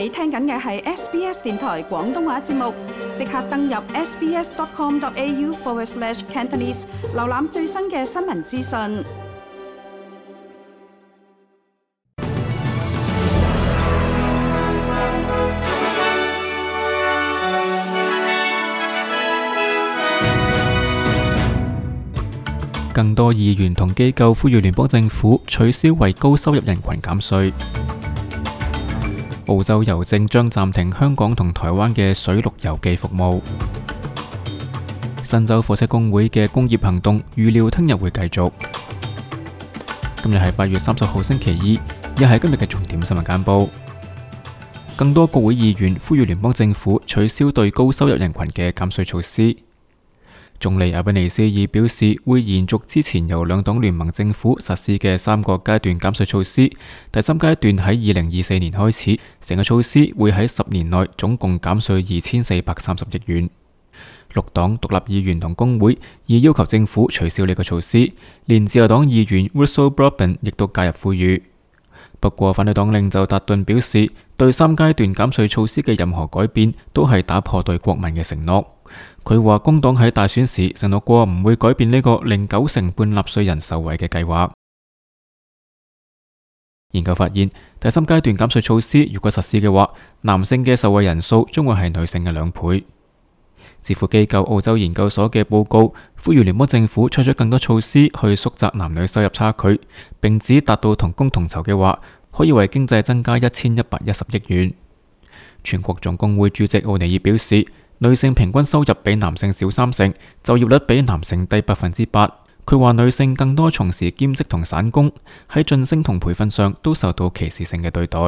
你聽緊嘅係 SBS 電台廣東話節目，即刻登入 sbs.com.au/cantonese，瀏覽最新嘅新聞資訊。更多議員同機構呼籲聯邦政府取消為高收入人群減稅。澳洲郵政將暫停香港同台灣嘅水陸郵寄服務。新州火車工會嘅工業行動預料聽日會繼續。今日係八月三十號星期二，亦係今日嘅重點新聞簡報。更多國會議員呼籲聯邦政府取消對高收入人群嘅減稅措施。總理阿比尼斯已表示會延續之前由兩黨聯盟政府實施嘅三個階段減稅措施，第三階段喺二零二四年開始，成個措施會喺十年內總共減稅二千四百三十億元。六黨獨立議員同工會已要求政府取消呢個措施，連自由黨議員 Russell Broadbent 亦都介入呼籲。不過反對黨領袖達頓表示，對三階段減稅措施嘅任何改變都係打破對國民嘅承諾。佢話工黨喺大選時承諾過唔會改變呢個令九成半納稅人受惠嘅計劃。研究發現，第三階段減稅措施如果實施嘅話，男性嘅受惠人數將會係女性嘅兩倍。智庫機構澳洲研究所嘅報告呼籲聯邦政府採取更多措施去縮窄男女收入差距，並指達到同工同酬嘅話，可以為經濟增加一千一百一十億元。全國總工會主席奧尼爾表示。女性平均收入比男性少三成，就業率比男性低百分之八。佢話女性更多從事兼職同散工，喺晉升同培訓上都受到歧視性嘅對待。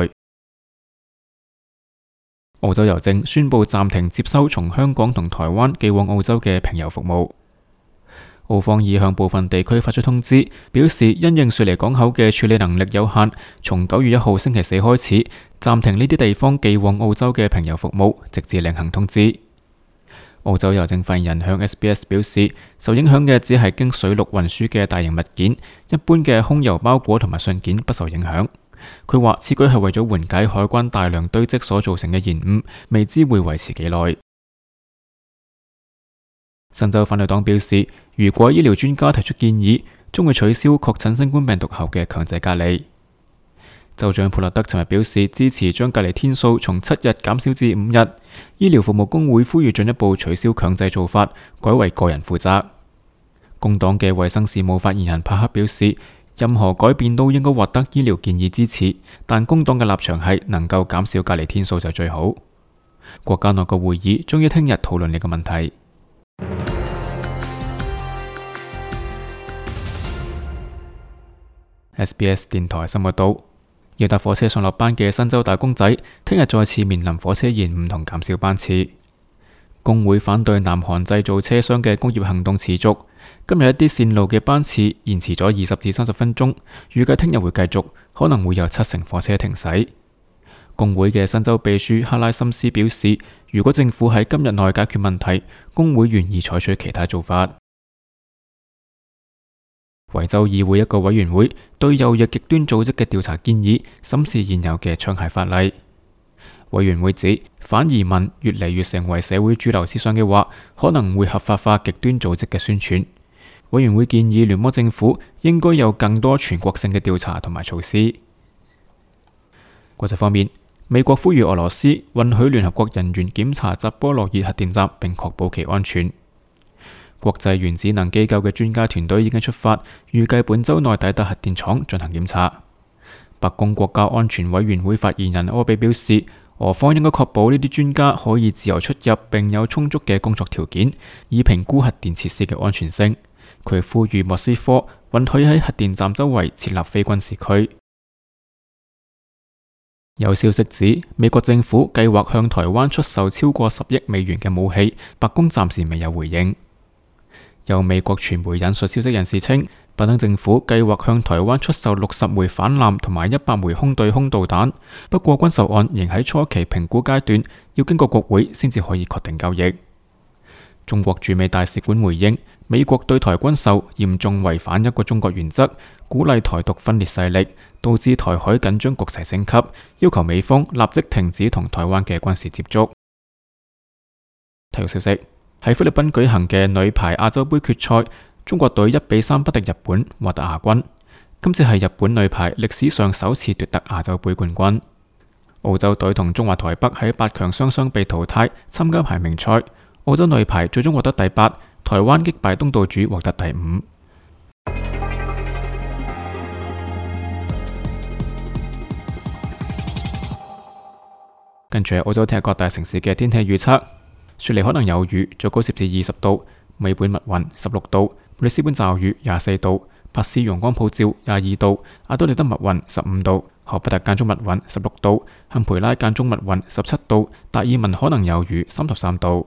澳洲郵政宣布暫停接收從香港同台灣寄往澳洲嘅平郵服務。澳方已向部分地區發出通知，表示因應悉尼港口嘅處理能力有限，從九月一號星期四開始暫停呢啲地方寄往澳洲嘅平郵服務，直至另行通知。澳洲郵政發言人向 SBS 表示，受影響嘅只係經水路運輸嘅大型物件，一般嘅空郵包裹同埋信件不受影響。佢話：此舉係為咗緩解海關大量堆積所造成嘅延誤，未知會維持幾耐。新州反對黨表示，如果醫療專家提出建議，將會取消確診新冠病毒後嘅強制隔離。州長普立德尋日表示支持將隔離天數從七日減少至五日，醫療服務工會呼籲進一步取消強制做法，改為個人負責。工黨嘅衛生事務發言人帕克表示，任何改變都應該獲得醫療建議支持，但工黨嘅立場係能夠減少隔離天數就最好。國家內個會，會議終於聽日討論呢個問題。SBS 電台新聞台。要搭火車上落班嘅新州打工仔，聽日再次面臨火車延誤同減少班次。工會反對南韓製造車廂嘅工業行動持續。今日一啲線路嘅班次延遲咗二十至三十分鐘，預計聽日會繼續，可能會有七成火車停駛。工會嘅新州秘書克拉森斯表示，如果政府喺今日內解決問題，工會願意採取其他做法。維州議會一個委員會對右翼極端組織嘅調查建議，審視現有嘅槍械法例。委員會指，反移民越嚟越成為社會主流思想嘅話，可能會合法化極端組織嘅宣傳。委員會建議聯邦政府應該有更多全國性嘅調查同埋措施。國際方面，美國呼籲俄羅斯允許聯合國人員檢查扎波羅熱核電站，并確保其安全。國際原子能機構嘅專家團隊已經出發，預計本周內抵達核電廠進行檢查。白宮國家安全委員會發言人柯比表示，俄方應該確保呢啲專家可以自由出入，並有充足嘅工作條件，以評估核電設施嘅安全性。佢呼籲莫斯科允許喺核電站周圍設立非軍事區。有消息指，美國政府計劃向台灣出售超過十億美元嘅武器，白宮暫時未有回應。有美國傳媒引述消息人士稱，拜登政府計劃向台灣出售六十枚反艦同埋一百枚空對空導彈，不過軍售案仍喺初期評估階段，要經過國會先至可以確定交易。中國駐美大使館回應：美國對台軍售嚴重違反一個中國原則，鼓勵台獨分裂勢力，導致台海緊張局勢升級，要求美方立即停止同台灣嘅軍事接觸。體育消息。喺菲律賓舉行嘅女排亞洲杯決賽，中國隊一比三不敵日本，獲得亞軍。今次係日本女排歷史上首次奪得亞洲杯冠軍。澳洲隊同中華台北喺八強雙雙被淘汰，參加排名賽。澳洲女排最終獲得第八，台灣擊敗東道主獲得第五。跟住係澳洲踢各大城市嘅天氣預測。雪梨可能有雨，最高攝氏二十度；美本密雲十六度；布里斯本驟雨廿四度；珀斯陽光普照廿二度；阿多利德密雲十五度；荷伯特間中密雲十六度；肯培拉間中密雲十七度；達爾文可能有雨三十三度。